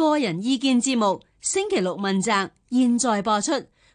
個人意見節目，星期六問責，現在播出。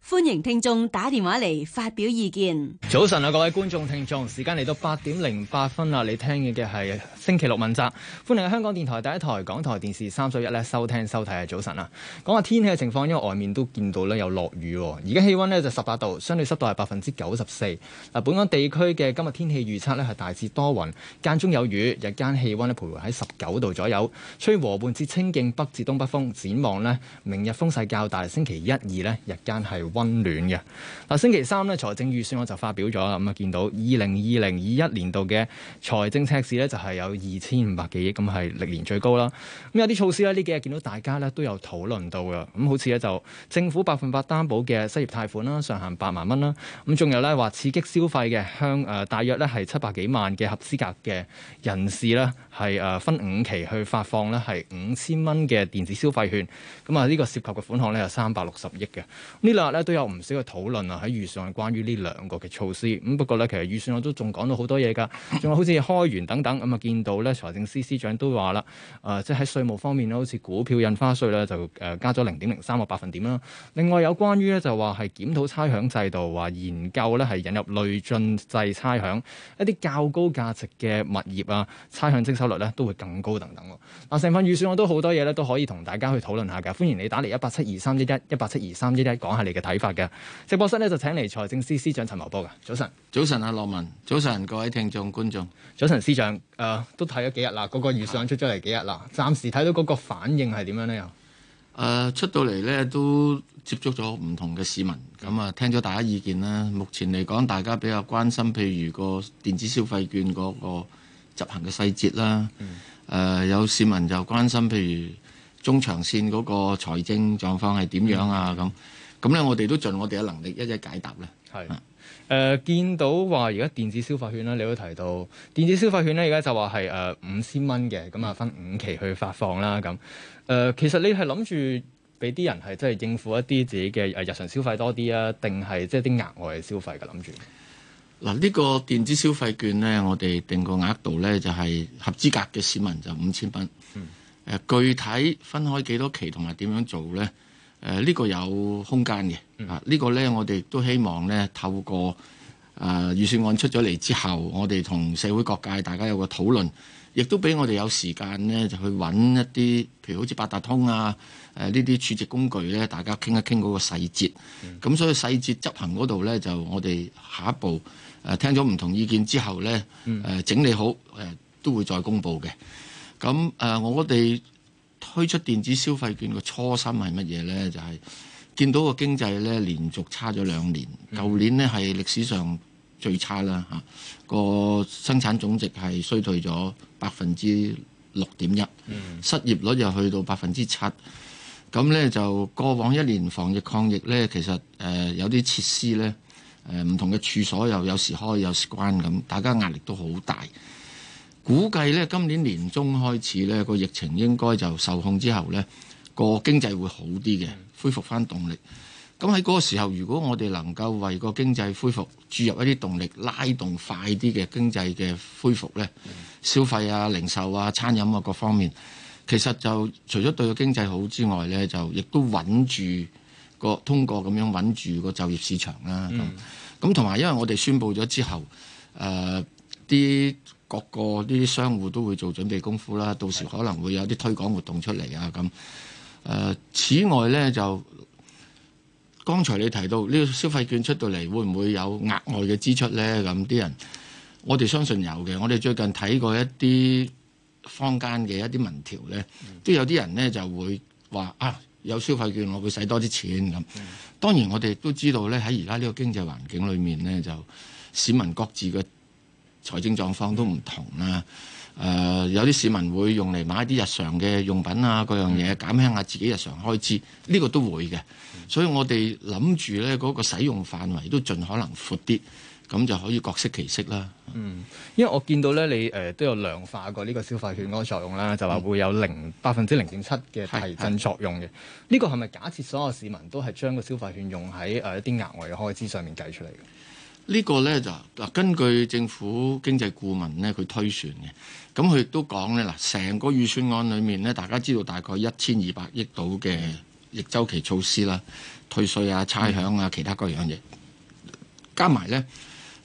歡迎聽眾打電話嚟發表意見。早晨啊，各位觀眾聽眾，時間嚟到八點零八分啦。你聽嘅嘅係星期六問責。歡迎喺香港電台第一台、港台電視三十一咧收聽收睇啊。早晨啊，講下天氣嘅情況，因為外面都見到咧有落雨。而家氣溫呢就十八度，相對濕度係百分之九十四。嗱，本港地區嘅今日天氣預測呢係大致多雲，間中有雨。日間氣溫咧徘徊喺十九度左右，吹和緩至清勁北至東北風。展望呢，明日風勢較大，星期一二呢日間係。溫暖嘅。嗱，星期三呢，財政預算我就發表咗啦，咁啊見到二零二零二一年度嘅財政赤字呢，就係、是、有二千五百幾億，咁係歷年最高啦。咁有啲措施呢，呢幾日見到大家呢都有討論到嘅，咁好似咧就政府百分百擔保嘅失業貸款啦，上限八萬蚊啦，咁仲有呢，話刺激消費嘅，向誒、呃、大約呢係七百幾萬嘅合資格嘅人士呢，係誒分五期去發放呢係五千蚊嘅電子消費券，咁啊呢個涉及嘅款項這這呢，有三百六十億嘅，呢兩日咧。都有唔少嘅討論啊，喺預算關於呢兩個嘅措施。咁、嗯、不過呢，其實預算我都仲講到好多嘢㗎，仲話好似開源等等。咁、嗯、啊，見到呢財政司司長都話啦，誒、呃，即係喺稅務方面呢，好似股票印花稅呢，就誒加咗零點零三個百分點啦。另外有關於呢，就話係檢討差餉制度，話研究呢係引入累進制差餉，一啲較高價值嘅物業啊，差餉徵收率呢都會更高等等。嗱、呃，成份預算我都好多嘢呢都可以同大家去討論下嘅，歡迎你打嚟一八七二三一一一八七二三一一講下你嘅。睇法嘅直播室呢，就請嚟財政司司長陳茂波嘅。早晨，早晨啊，羅文，早晨各位聽眾觀眾，早晨司長誒、呃，都睇咗幾日啦，嗰、那個預算出咗嚟幾日啦，暫、啊、時睇到嗰個反應係點樣呢？又誒、呃，出到嚟呢，都接觸咗唔同嘅市民，咁、嗯、啊，聽咗大家意見啦。目前嚟講，大家比較關心，譬如個電子消費券嗰個執行嘅細節啦，誒、嗯呃，有市民就關心譬如中長線嗰個財政狀況係點樣啊？咁、嗯。嗯咁咧，我哋都盡我哋嘅能力一一解答咧。係，誒、呃，見到話而家電子消費券咧，你會提到電子消費券咧，而家就話係誒五千蚊嘅，咁啊分五期去發放啦，咁誒、呃，其實你係諗住俾啲人係即係應付一啲自己嘅誒日常消費多啲啊，定係即係啲額外嘅消費嘅諗住？嗱，呢個電子消費券咧，我哋定個額度咧就係、是、合資格嘅市民就五千蚊。嗯、呃。具體分開幾多期同埋點樣做咧？誒呢個有空間嘅，啊、這、呢個呢，我哋都希望呢透過誒預算案出咗嚟之後，我哋同社會各界大家有個討論，亦都俾我哋有時間呢就去揾一啲，譬如好似八達通啊，誒呢啲儲值工具呢，大家傾一傾嗰個細節。咁、嗯、所以細節執行嗰度呢，就我哋下一步誒、呃、聽咗唔同意見之後呢，誒、嗯呃、整理好誒、呃、都會再公布嘅。咁誒、呃、我哋。推出電子消費券嘅初心係乜嘢呢？就係見到個經濟呢連續差咗兩年，舊年呢係歷史上最差啦吓。個生產總值係衰退咗百分之六點一，失業率又去到百分之七。咁呢，就過往一年防疫抗疫呢，其實誒有啲設施呢，誒唔同嘅處所又有時開有時關咁，大家壓力都好大。估計咧，今年年中開始呢個疫情應該就受控之後呢個經濟會好啲嘅，恢復返動力。咁喺嗰個時候，如果我哋能夠為個經濟恢復注入一啲動力，拉動快啲嘅經濟嘅恢復呢，嗯、消費啊、零售啊、餐飲啊各方面，其實就除咗對個經濟好之外呢就亦都穩住個通過咁樣穩住個就業市場啦。咁同埋，因為我哋宣布咗之後，誒、呃、啲。各個啲商戶都會做準備功夫啦，到時可能會有啲推廣活動出嚟啊，咁。誒、呃，此外咧就，剛才你提到呢、這個消費券出到嚟，會唔會有額外嘅支出咧？咁啲人，我哋相信有嘅。我哋最近睇過一啲坊間嘅一啲民調咧，都有啲人咧就會話啊，有消費券我會使多啲錢。咁。當然我哋都知道咧，喺而家呢個經濟環境裏面咧，就市民各自嘅。財政狀況都唔同啦，誒、呃、有啲市民會用嚟買啲日常嘅用品啊，各樣嘢減輕下自己日常開支，呢、這個都會嘅。所以我哋諗住呢嗰個使用範圍都盡可能闊啲，咁就可以各適其適啦。嗯，因為我見到呢，你誒、呃、都有量化過呢個消費券嗰個作用啦，嗯、就話會有零百分之零點七嘅提振作用嘅。呢個係咪假設所有市民都係將個消費券用喺誒一啲額外嘅開支上面計出嚟嘅？個呢個咧就嗱，根據政府經濟顧問咧，佢推算嘅，咁佢亦都講咧，嗱成個預算案裏面咧，大家知道大概一千二百億度嘅逆周期措施啦，退稅啊、差餉啊、其他各樣嘢，加埋咧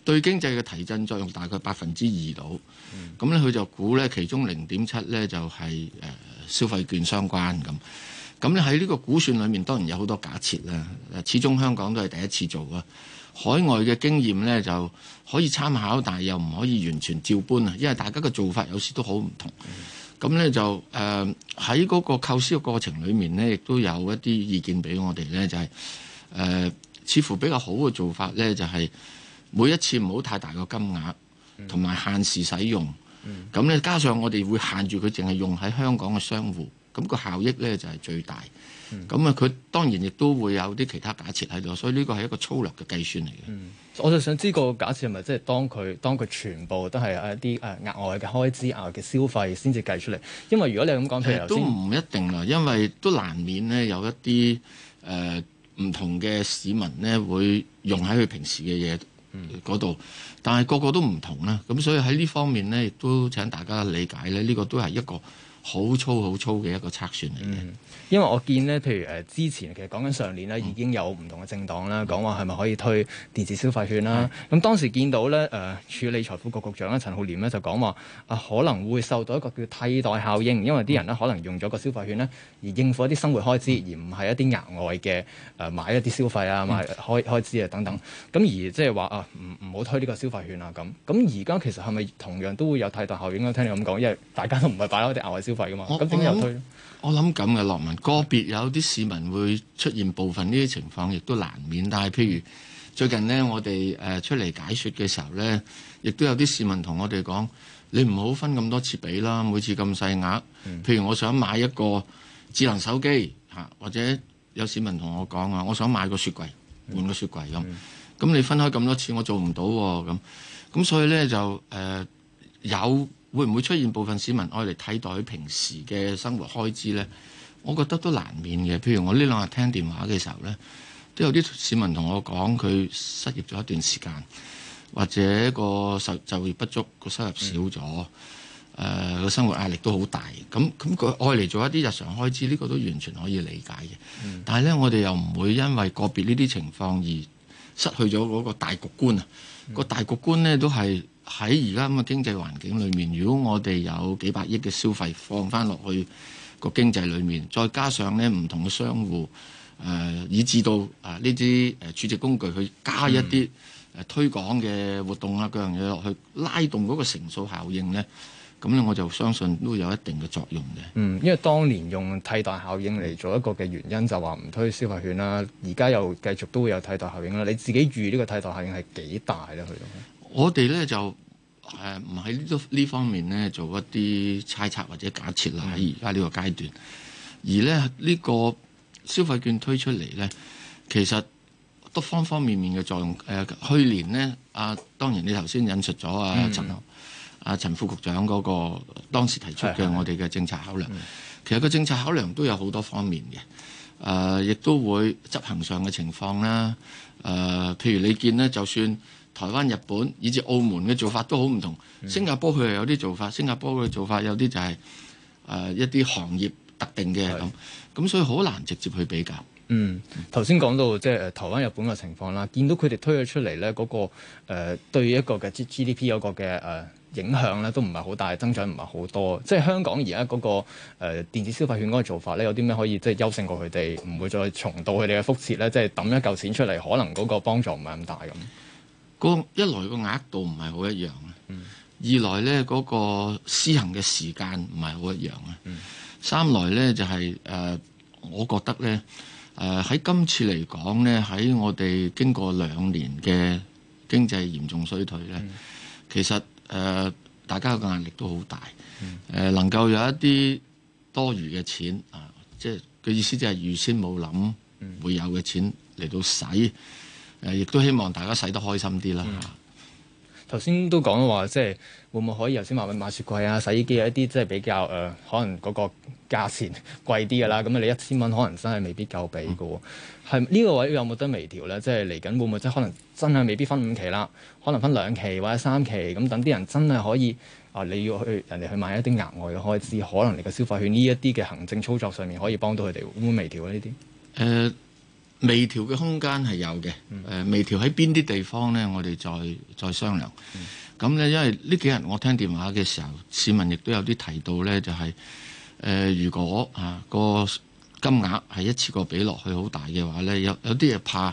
對經濟嘅提振作用大概百分之二到，咁咧佢就估咧其中零點七咧就係、是、誒、呃、消費券相關咁，咁喺呢個估算裏面當然有好多假設啦，始終香港都係第一次做啊。海外嘅經驗呢就可以參考，但係又唔可以完全照搬啊，因為大家嘅做法有時都好唔同。咁呢就誒喺嗰個構思嘅過程裏面呢，亦都有一啲意見俾我哋呢就係、是呃、似乎比較好嘅做法呢，就係、是、每一次唔好太大嘅金額，同埋限時使用。咁呢，加上我哋會限住佢，淨係用喺香港嘅商戶。咁個效益咧就係最大，咁啊佢當然亦都會有啲其他假設喺度，所以呢個係一個粗略嘅計算嚟嘅、嗯。我就想知道個假設係咪即係當佢當佢全部都係一啲誒額外嘅開支、額外嘅消費先至計出嚟？因為如果你係咁講，其實都唔一定啊，因為都難免呢有一啲誒唔同嘅市民呢會用喺佢平時嘅嘢嗰度，但係個個都唔同啦。咁所以喺呢方面呢，亦都請大家理解咧，呢個都係一個，好粗好粗嘅一個測算嚟嘅，因為我見呢，譬如誒、呃、之前其實講緊上年呢，嗯、已經有唔同嘅政黨啦，講話係咪可以推電子消費券啦、啊。咁的當時見到呢，誒、呃，處理財富局局長咧陳浩濂呢，就講話啊可能會受到一個叫替代效應，因為啲人呢，可能用咗個消費券呢，而應付一啲生活開支，的而唔係一啲額外嘅誒、呃、買一啲消費啊、買開開,開支啊等等。咁而即係話啊唔唔好推呢個消費券啊咁。咁而家其實係咪同樣都會有替代效應咧？聽你咁講，因為大家都唔係擺開啲額外。消費，咁點解又我諗咁嘅，樂文個別有啲市民會出現部分呢啲情況，亦都難免。但係譬如最近呢，我哋誒、呃、出嚟解說嘅時候呢，亦都有啲市民同我哋講：你唔好分咁多次俾啦，每次咁細額。譬如我想買一個智能手機嚇，或者有市民同我講啊，我想買個雪櫃，換個雪櫃咁。咁你分開咁多次，我做唔到喎、啊、咁。咁所以呢，就誒、呃、有。會唔會出現部分市民愛嚟替代平時嘅生活開支呢？我覺得都難免嘅。譬如我呢兩日聽電話嘅時候呢，都有啲市民同我講佢失業咗一段時間，或者個就就業不足個收入少咗，誒、呃、個生活壓力都好大。咁咁佢愛嚟做一啲日常開支，呢、呢個都完全可以理解嘅。但係呢，我哋又唔會因為個別呢啲情況而失去咗嗰個大局觀啊！嗰個大局觀呢，都係。喺而家咁嘅經濟環境裏面，如果我哋有幾百億嘅消費放翻落去個經濟裏面，再加上呢唔同嘅商戶，誒、呃、以至到啊呢啲誒儲值工具去加一啲誒、嗯呃、推廣嘅活動啊各樣嘢落去，拉動嗰個乘數效應呢，咁呢我就相信都有一定嘅作用嘅。嗯，因為當年用替代效應嚟做一個嘅原因，就話唔推消費券啦，而家又繼續都會有替代效應啦。你自己預呢個替代效應係幾大咧？佢？我哋咧就誒唔喺呢度呢方面咧做一啲猜測或者假設啦。喺而家呢個階段，而咧呢個消費券推出嚟咧，其實都方方面面嘅作用。誒去年呢，啊當然你頭先引述咗啊陳啊陳副局長嗰個當時提出嘅我哋嘅政策考量，其實個政策考量都有好多方面嘅。誒亦都會執行上嘅情況啦。誒譬如你見呢，就算。台灣、日本以至澳門嘅做法都好唔同。新加坡佢又有啲做法，新加坡嘅做法有啲就係、是、誒、呃、一啲行業特定嘅咁，咁是所以好難直接去比較。嗯，頭先講到即係、就是呃、台灣、日本嘅情況啦，見到佢哋推咗出嚟呢嗰個誒、呃、對一個嘅 GDP 嗰個嘅誒、呃、影響呢，都唔係好大，增長唔係好多。即係香港而家嗰個誒、呃、電子消費券嗰個做法呢，有啲咩可以即係優勝過佢哋，唔會再重蹈佢哋嘅覆轍呢？即係抌一嚿錢出嚟，可能嗰個幫助唔係咁大咁。一來個額度唔係好一樣啊，嗯、二來呢嗰、那個施行嘅時間唔係好一樣啊，嗯、三來呢就係、是、誒、呃，我覺得呢，誒、呃、喺今次嚟講呢喺我哋經過兩年嘅經濟嚴重衰退呢，嗯、其實誒、呃、大家嘅壓力都好大，誒、嗯呃、能夠有一啲多餘嘅錢啊、呃，即係嘅意思就係預先冇諗會有嘅錢嚟到使。誒，亦都希望大家使得開心啲啦嚇。頭先、嗯、都講話，即、就、係、是、會唔會可以頭先話買雪櫃啊、洗衣機啊一啲，即係比較誒、呃，可能嗰個價錢貴啲噶啦。咁你一千蚊可能真係未必夠俾噶喎。呢、嗯、這個位有冇得微調呢？即係嚟緊會唔會即係、就是、可能真係未必分五期啦，可能分兩期或者三期咁，等啲人真係可以啊、呃，你要去人哋去買一啲額外嘅開支，可能你嘅消費券呢一啲嘅行政操作上面可以幫到佢哋，會唔會微調呢啲？誒、呃。微調嘅空間係有嘅，誒、嗯呃、微調喺邊啲地方呢？我哋再再商量。咁、嗯、呢，因為呢幾日我聽電話嘅時候，市民亦都有啲提到呢，就係、是、誒、呃、如果啊個金額係一次過俾落去好大嘅話呢，有有啲人怕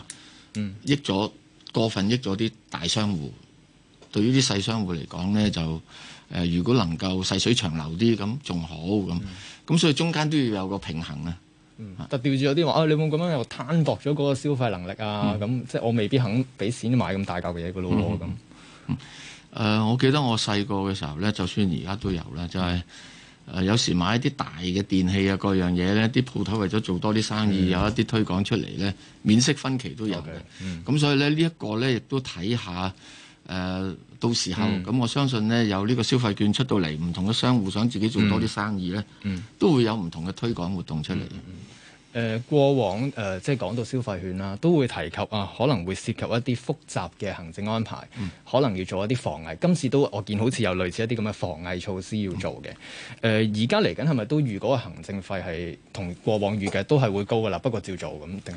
益咗、嗯、過分，益咗啲大商戶，對於啲細商戶嚟講呢，嗯、就誒、呃、如果能夠細水長流啲咁，仲好咁。咁、嗯、所以中間都要有個平衡啊！嗯、特調住有啲話啊，你冇咁樣又攤薄咗嗰個消費能力啊，咁、嗯、即係我未必肯俾錢買咁大嚿嘅嘢嘅咯咁。誒、嗯嗯嗯呃，我記得我細個嘅時候呢，就算而家都有啦，就係、是呃、有時買一啲大嘅電器啊，各樣嘢，呢啲鋪頭為咗做多啲生意，的有一啲推廣出嚟呢，免息分期都有嘅。咁、嗯、所以呢一、這個呢，亦都睇下誒、呃，到時候咁、嗯、我相信呢，有呢個消費券出到嚟，唔同嘅商戶想自己做多啲生意呢，嗯嗯、都會有唔同嘅推廣活動出嚟。嗯誒、呃、過往誒、呃、即係講到消費券啦，都會提及啊、呃，可能會涉及一啲複雜嘅行政安排，嗯、可能要做一啲防偽。今次都我見好似有類似一啲咁嘅防偽措施要做嘅。誒而家嚟緊係咪都預嗰個行政費係同過往預計都係會高嘅啦？不過照做咁定係點？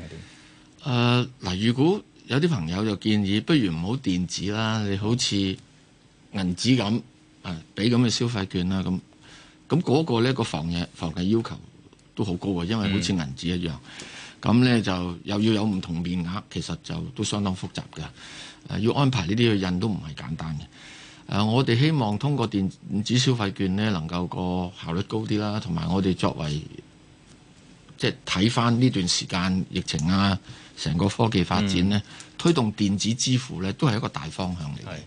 誒嗱、呃呃呃，如果有啲朋友就建議，不如唔好電子啦，你好似銀紙咁，誒俾咁嘅消費券啦，咁咁嗰個呢個防偽防偽要求都好高啊，因為好似銀紙一樣，咁、嗯、呢就又要有唔同面額，其實就都相當複雜嘅、呃。要安排呢啲嘅印都唔係簡單嘅。誒、呃，我哋希望通過電子消費券呢，能夠個效率高啲啦，同埋我哋作為即係睇翻呢段時間疫情啊，成個科技發展呢，嗯、推動電子支付呢都係一個大方向嚟嘅。是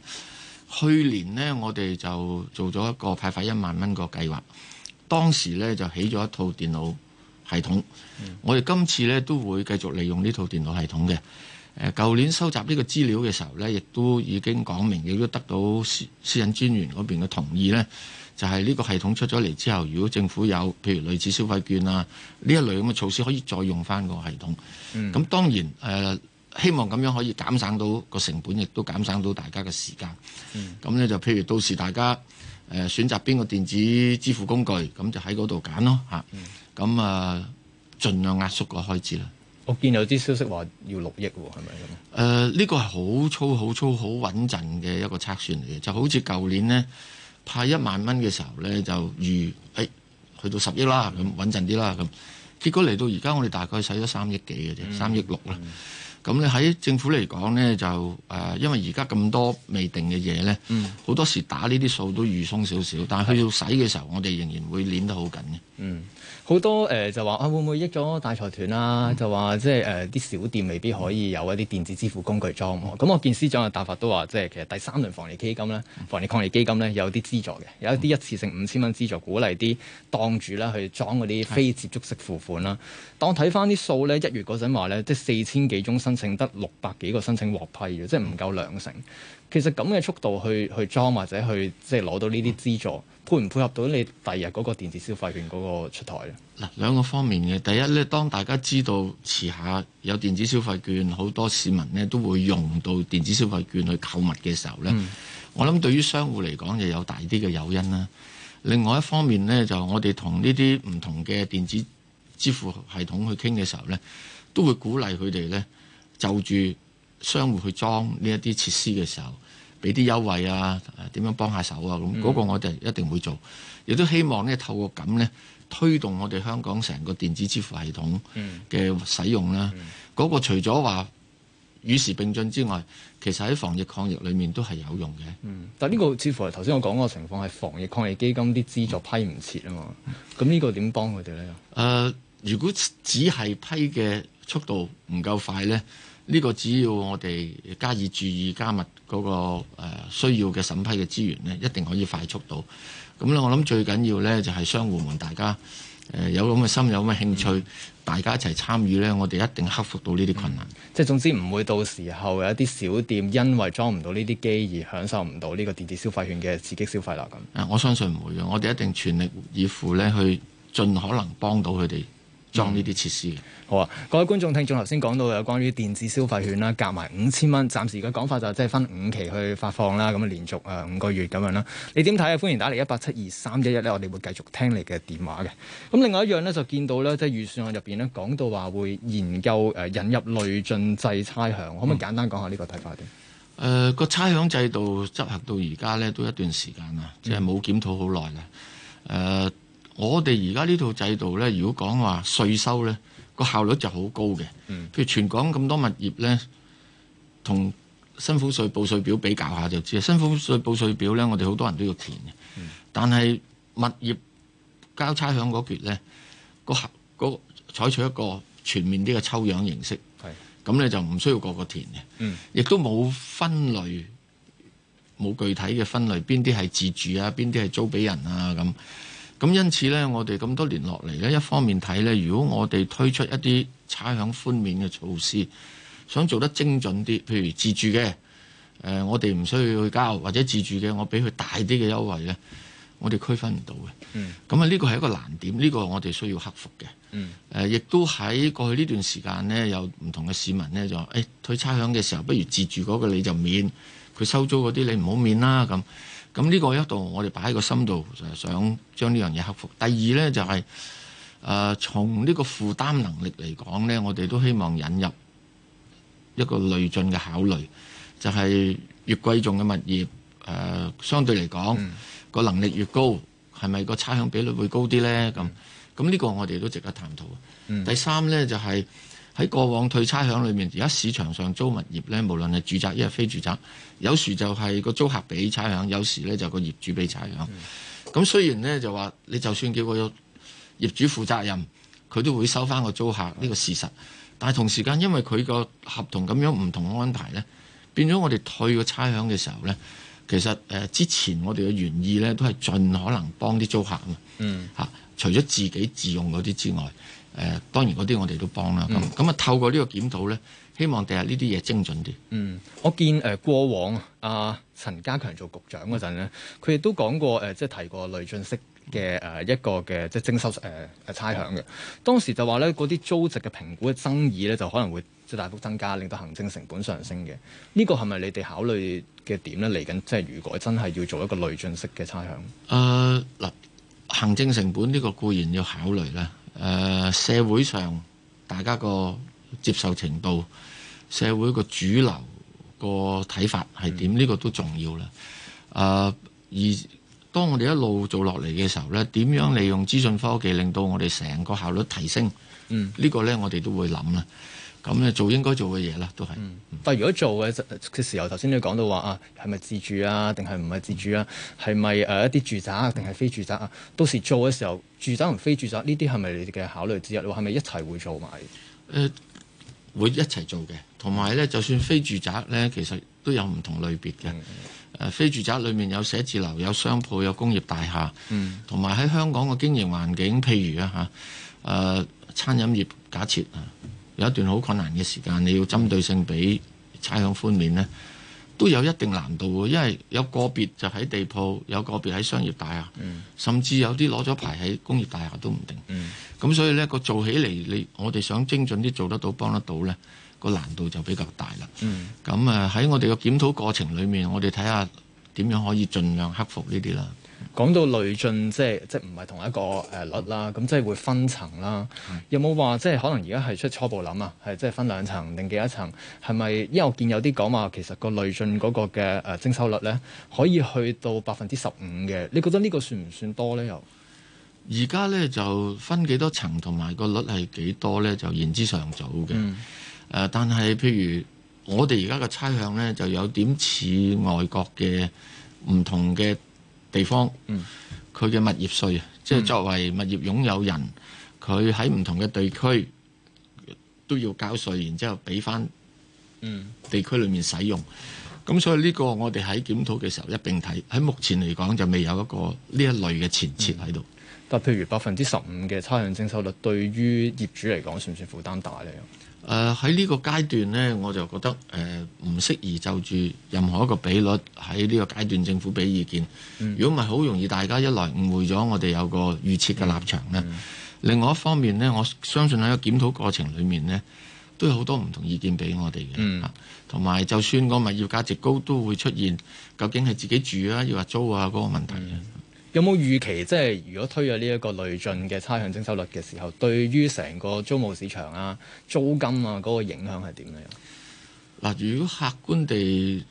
去年呢，我哋就做咗一個派發一萬蚊個計劃。當時呢就起咗一套電腦系統，我哋今次呢都會繼續利用呢套電腦系統嘅。誒，舊年收集呢個資料嘅時候呢，亦都已經講明，亦都得到私隱專員嗰邊嘅同意。呢就係呢個系統出咗嚟之後，如果政府有譬如類似消費券啊呢一類咁嘅措施，可以再用返個系統。咁當然誒，希望咁樣可以減省到個成本，亦都減省到大家嘅時間。咁呢就譬如到時大家誒選擇邊個電子支付工具，咁就喺嗰度揀咯嚇。咁、嗯、啊，盡量壓縮個開支啦。我見有啲消息話要六億喎，係咪咁？誒呢個係好粗、好粗、好穩陣嘅一個測算嚟嘅，就好似舊年呢派一萬蚊嘅時候咧，就預誒、哎、去到十億啦，咁、嗯、穩陣啲啦，咁結果嚟到而家，我哋大概使咗三億幾嘅啫，三億六啦。嗯咁你喺政府嚟講咧就誒、呃，因為而家咁多未定嘅嘢咧，好、嗯、多時打呢啲數都預鬆少少，但係佢要使嘅時候，的我哋仍然會捻得好緊嘅。嗯，好多誒、呃、就話啊，會唔會益咗大財團啦、啊？嗯、就話即係誒啲小店未必可以有一啲電子支付工具裝咁、嗯、我見司長嘅答法都話，即係其實第三輪防疫基金咧，嗯、防疫抗疫基金咧有啲資助嘅，有一啲一,一次性五千蚊資助，鼓勵啲檔主啦去裝嗰啲非接觸式付款啦。當睇翻啲數咧，一月嗰陣話咧，即係四千幾宗申請，得六百幾個申請獲批嘅，即係唔夠兩成。其實咁嘅速度去去裝或者去即係攞到呢啲資助，配唔配合到你第日嗰個電子消費券嗰個出台呢？嗱，兩個方面嘅，第一呢，當大家知道遲下有電子消費券，好多市民呢都會用到電子消費券去購物嘅時候呢，嗯、我諗對於商戶嚟講又有大啲嘅誘因啦。另外一方面呢，就我哋同呢啲唔同嘅電子支付系統去傾嘅時候呢，都會鼓勵佢哋呢就住。商戶去裝呢一啲設施嘅時候，俾啲優惠啊，點、啊、樣幫下手啊？咁、那、嗰個我哋一定會做，亦、嗯、都希望咧透過咁咧推動我哋香港成個電子支付系統嘅使用啦。嗰、嗯嗯、個除咗話與時並進之外，其實喺防疫抗疫裏面都係有用嘅。嗯，但係呢個似乎係頭先我講個情況係防疫抗疫基金啲資助批唔切啊嘛。咁、嗯、呢個點幫佢哋咧？誒、呃，如果只係批嘅速度唔夠快咧？呢個只要我哋加以注意、加密嗰、嗰個誒、呃、需要嘅審批嘅資源咧，一定可以快速到。咁、嗯、咧，我諗最緊要咧就係商戶們大家誒、呃、有咁嘅心、有咁嘅興趣，嗯、大家一齊參與咧，我哋一定克服到呢啲困難，嗯、即係總之唔會到時候有一啲小店因為裝唔到呢啲機而享受唔到呢個電子消費券嘅刺激消費啦。咁、嗯，我相信唔會，啊！我哋一定全力以赴咧，去盡可能幫到佢哋。裝呢啲設施。好啊，各位觀眾聽眾，頭先講到有關於電子消費券啦，夾埋五千蚊，暫時嘅講法就即係分五期去發放啦，咁啊連續啊五個月咁樣啦。你點睇啊？歡迎打嚟，一八七二三一一呢，我哋會繼續聽你嘅電話嘅。咁另外一樣呢，就見到呢，即係預算案入邊呢講到話會研究誒引入累進制差餉，嗯、可唔可以簡單講下呢個睇法咧？誒、呃，個差餉制度執行到而家呢，都一段時間啦，即係冇檢討好耐啦，誒、呃。嗯我哋而家呢套制度呢，如果講話稅收呢個效率就好高嘅。嗯、譬如全港咁多物業呢，同辛苦稅報稅表比較下就知，辛苦稅報稅表呢，我哋好多人都要填嘅。嗯、但係物業交差響嗰橛咧，那個那個採取一個全面啲嘅抽樣形式。係是，咁咧就唔需要個個填嘅。亦都冇分類，冇具體嘅分類，邊啲係自住啊，邊啲係租俾人啊咁。咁因此呢，我哋咁多年落嚟呢，一方面睇呢，如果我哋推出一啲差餉寬免嘅措施，想做得精準啲，譬如自住嘅，誒、呃，我哋唔需要去交，或者自住嘅我俾佢大啲嘅優惠呢，我哋區分唔到嘅。咁啊，呢個係一個難點，呢、這個我哋需要克服嘅。誒、嗯呃，亦都喺過去呢段時間呢，有唔同嘅市民呢，就話：誒、哎，退差餉嘅時候，不如自住嗰個你就免，佢收租嗰啲你唔好免啦咁。咁呢個一度我哋擺喺個心度，想將呢樣嘢克服。第二呢，就係、是，誒、呃、從呢個負擔能力嚟講呢，我哋都希望引入一個累進嘅考慮，就係、是、越貴重嘅物業，誒、呃、相對嚟講個能力越高，係咪個差餉比率會高啲呢？咁咁呢個我哋都值得探討。嗯、第三呢，就係、是。喺過往退差餉裏面，而家市場上租物業呢，無論係住宅亦係非住宅，有時就係個租客俾差餉，有時呢就個業主俾差餉。咁、嗯、雖然呢，就話你就算叫個業主負責任，佢都會收翻個租客呢、呢個事實。但係同時間，因為佢個合同咁樣唔同安排呢，變咗我哋退個差餉嘅時候呢，其實誒之前我哋嘅原意呢，都係盡可能幫啲租客啊，嚇、嗯，除咗自己自用嗰啲之外。誒、呃、當然嗰啲我哋都幫啦。咁咁啊，嗯、透過呢個檢討咧，希望第日呢啲嘢精準啲。嗯，我見誒過往阿、呃、陳家強做局長嗰陣咧，佢亦都講過誒、呃，即係提過累進式嘅誒一個嘅即係徵收誒誒差餉嘅。當時就話咧，嗰啲租值嘅評估嘅爭議咧，就可能會即大幅增加，令到行政成本上升嘅。呢個係咪你哋考慮嘅點咧？嚟緊即係如果真係要做一個累進式嘅差餉誒嗱、呃，行政成本呢個固然要考慮啦。誒、呃、社會上大家個接受程度，社會個主流個睇法係點？呢、嗯、個都重要啦。誒、呃、而當我哋一路做落嚟嘅時候咧，點樣利用資訊科技令到我哋成個效率提升？嗯，個呢個咧我哋都會諗啦。咁咧做應該做嘅嘢啦，都係、嗯。但係如果做嘅嘅時候，頭先你講到話啊，係咪自住啊？定係唔係自住啊？係咪誒一啲住宅啊定係非住宅啊？到時做嘅時候。住宅同非住宅呢啲係咪你哋嘅考慮之一？你話係咪一齊會做埋？誒、呃，會一齊做嘅。同埋呢，就算非住宅呢，其實都有唔同類別嘅。誒、嗯呃，非住宅裏面有寫字樓、有商鋪、有工業大廈，同埋喺香港嘅經營環境，譬如啊嚇誒、呃、餐飲業，假設啊有一段好困難嘅時間，你要針對性俾差餉寬免呢。嗯嗯都有一定難度，因為有個別就喺地鋪，有個別喺商業大廈，嗯、甚至有啲攞咗牌喺工業大廈都唔定。咁、嗯、所以呢個做起嚟，你我哋想精準啲做得到、幫得到呢個難度就比較大啦。咁啊、嗯，喺我哋嘅檢討過程裏面，我哋睇下點樣可以盡量克服呢啲啦。講到累進，即係即係唔係同一個誒率啦，咁、嗯、即係會分層啦。嗯、有冇話即係可能而家係出初步諗啊？係即係分兩層定幾多層？係咪因為我見有啲講話其實個累進嗰個嘅誒徵收率咧，可以去到百分之十五嘅？你覺得呢個算唔算多咧？又而家咧就分幾多層同埋個率係幾多咧？就言之尚早嘅。誒、嗯，但係譬如我哋而家嘅差餉咧，就有點似外國嘅唔同嘅。地方，佢嘅物業稅，即係作為物業擁有人，佢喺唔同嘅地區都要交稅，然之後俾翻，嗯，地區裏面使用。咁、嗯、所以呢個我哋喺檢討嘅時候一並睇，喺目前嚟講就未有一個呢一類嘅前設喺度。但譬如百分之十五嘅差餉徵收率，對於業主嚟講算唔算負擔大咧？誒喺呢個階段呢，我就覺得誒唔、呃、適宜就住任何一個比率喺呢個階段政府俾意見。如果唔係好容易大家一來誤會咗我哋有個預設嘅立場咧。嗯嗯、另外一方面呢，我相信喺個檢討過程裡面呢，都有好多唔同意見俾我哋嘅。同埋、嗯啊、就算個物業價值高，都會出現究竟係自己住啊，要話租啊嗰、嗰個問題、嗯嗯有冇預期即係如果推咗呢一個累進嘅差餉徵收率嘅時候，對於成個租務市場啊、租金啊嗰、那個影響係點樣呢？嗱，如果客觀地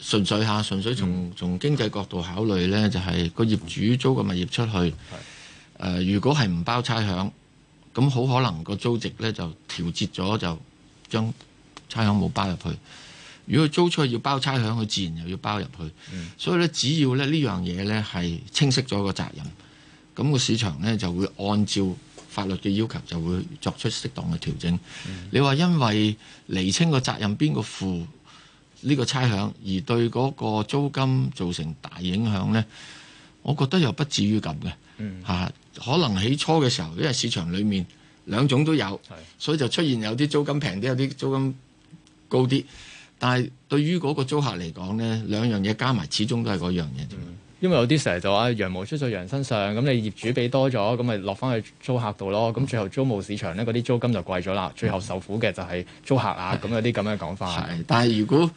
純粹下、啊、純粹從從經濟角度考慮呢，就係、是、個業主租個物業出去，的呃、如果係唔包差餉，咁好可能個租值呢就調節咗，就將差餉冇包入去。如果租出去要包差餉，佢自然又要包入去。嗯、所以咧，只要咧呢樣嘢呢，係清晰咗個責任，咁、個市場呢，就會按照法律嘅要求就會作出適當嘅調整。嗯、你話因為厘清個責任邊個負呢個差餉，而對嗰個租金造成大影響呢，我覺得又不至於咁嘅。嚇、嗯啊，可能起初嘅時候，因為市場裏面兩種都有，的所以就出現有啲租金平啲，有啲租金高啲。但係對於嗰個租客嚟講呢，兩樣嘢加埋始終都係嗰樣嘢、嗯、因為有啲成日就話羊毛出在羊身上，咁你業主俾多咗，咁咪落翻去租客度咯。咁最後租務市場呢，嗰啲租金就貴咗啦。最後受苦嘅就係租客啊。咁、嗯、有啲咁嘅講法。是但係是如果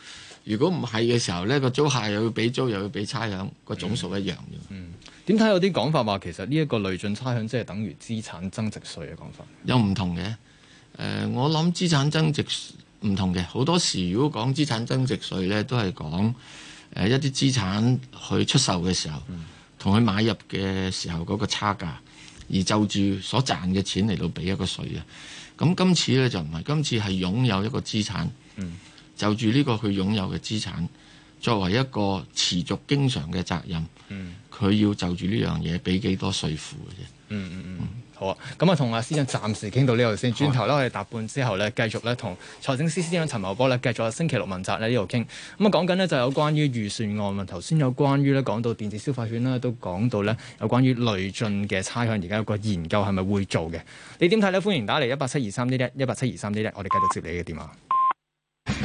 如果唔係嘅時候呢、個租客又要俾租，又要俾差餉，個總數一樣嗯。嗯。點睇？有啲講法話其實呢一個累進差餉即係等於資產增值稅嘅講法？有唔同嘅。誒、呃，我諗資產增值。唔同嘅，好多時如果講資產增值稅呢，都係講誒一啲資產去出售嘅時候，同佢、嗯、買入嘅時候嗰個差價，而就住所賺嘅錢嚟到俾一個稅嘅。咁今次呢，就唔係，今次係擁有一個資產，嗯、就住呢個佢擁有嘅資產作為一個持續經常嘅責任，佢、嗯、要就住呢樣嘢俾幾多稅負嘅啫。嗯嗯嗯。好啊，咁啊，同阿司長暫時傾到呢度先，轉頭啦，我哋搭半之後呢，繼續呢，同財政司司長陳茂波呢，繼續星期六問責呢，呢度傾。咁啊、嗯，講緊呢，就有關於預算案問題，頭先有關於呢講到電子消費券啦，都講到呢有關於累進嘅差餉，而家有個研究係咪會做嘅？你點睇呢？歡迎打嚟一八七二三呢一一八七二三呢一，我哋繼續接你嘅電話。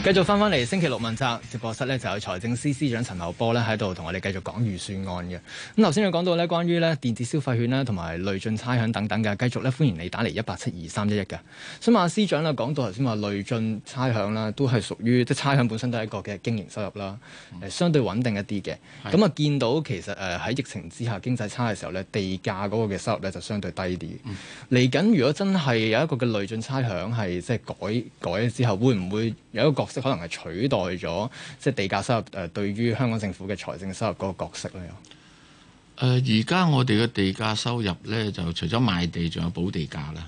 繼續翻返嚟星期六問責直播室呢，就有財政司司長陳茂波呢喺度同我哋繼續講預算案嘅。咁頭先你講到呢，關於呢電子消費券啦，同埋累進差餉等等嘅。繼續呢，歡迎你打嚟一八七二三一一嘅。想問阿司長啦，講到頭先話累進差餉啦，都係屬於即係差餉本身都係一個嘅經營收入啦，係、嗯、相對穩定一啲嘅。咁啊、嗯，見到其實誒喺、呃、疫情之下經濟差嘅時候呢，地價嗰個嘅收入呢就相對低啲。嚟緊、嗯、如果真係有一個嘅累進差餉係即係改改，改之後，會唔會有一個？角色可能係取代咗即地價收入誒、呃，對於香港政府嘅財政收入嗰個角色咧。誒、呃，而家我哋嘅地價收入咧，就除咗賣地，地，仲有補地價啦。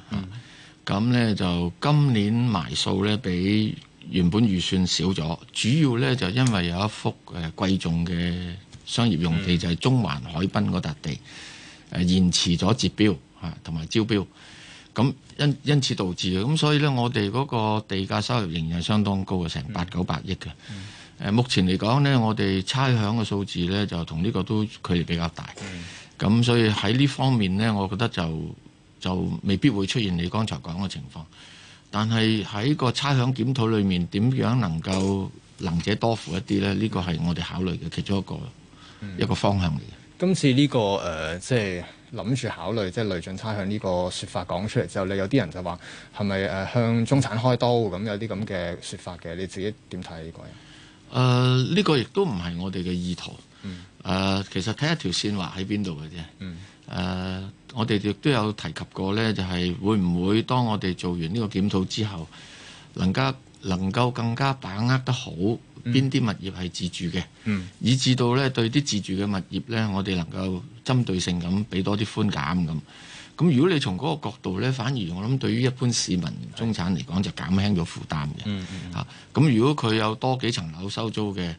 咁咧、啊、就今年埋數咧，比原本預算少咗，主要咧就因為有一幅誒、呃、貴重嘅商業用地，嗯、就係中環海濱嗰笪地誒、呃，延遲咗截標嚇，同、啊、埋招標。咁因因此導致嘅，咁所以呢，我哋嗰個地價收入仍然相當高嘅，成八九百億嘅。嗯、目前嚟講呢，我哋差餉嘅數字呢，就同呢個都距離比較大。咁、嗯、所以喺呢方面呢，我覺得就就未必會出現你剛才講嘅情況。但係喺個差餉檢討裏面，點樣能夠能者多付一啲呢？呢、呢個係我哋考慮嘅其中一個、嗯、一個方向嚟。今次呢、呢個誒、呃，即係。諗住考慮即係累進差餉呢個説法講出嚟之後，你有啲人就話係咪誒向中產開刀咁？有啲咁嘅説法嘅，你自己點睇呢個？誒、呃，呢個亦都唔係我哋嘅意圖。誒、嗯呃，其實睇一條線畫喺邊度嘅啫。誒、嗯呃，我哋亦都有提及過咧，就係會唔會當我哋做完呢個檢討之後，能夠能夠更加把握得好，邊啲、嗯、物業係自住嘅，嗯、以至到咧對啲自住嘅物業咧，我哋能夠針對性咁俾多啲寬減咁。咁如果你從嗰個角度咧，反而我諗對於一般市民中產嚟講，就減輕咗負擔嘅。嚇、嗯，咁、嗯啊、如果佢有多幾層樓收租嘅，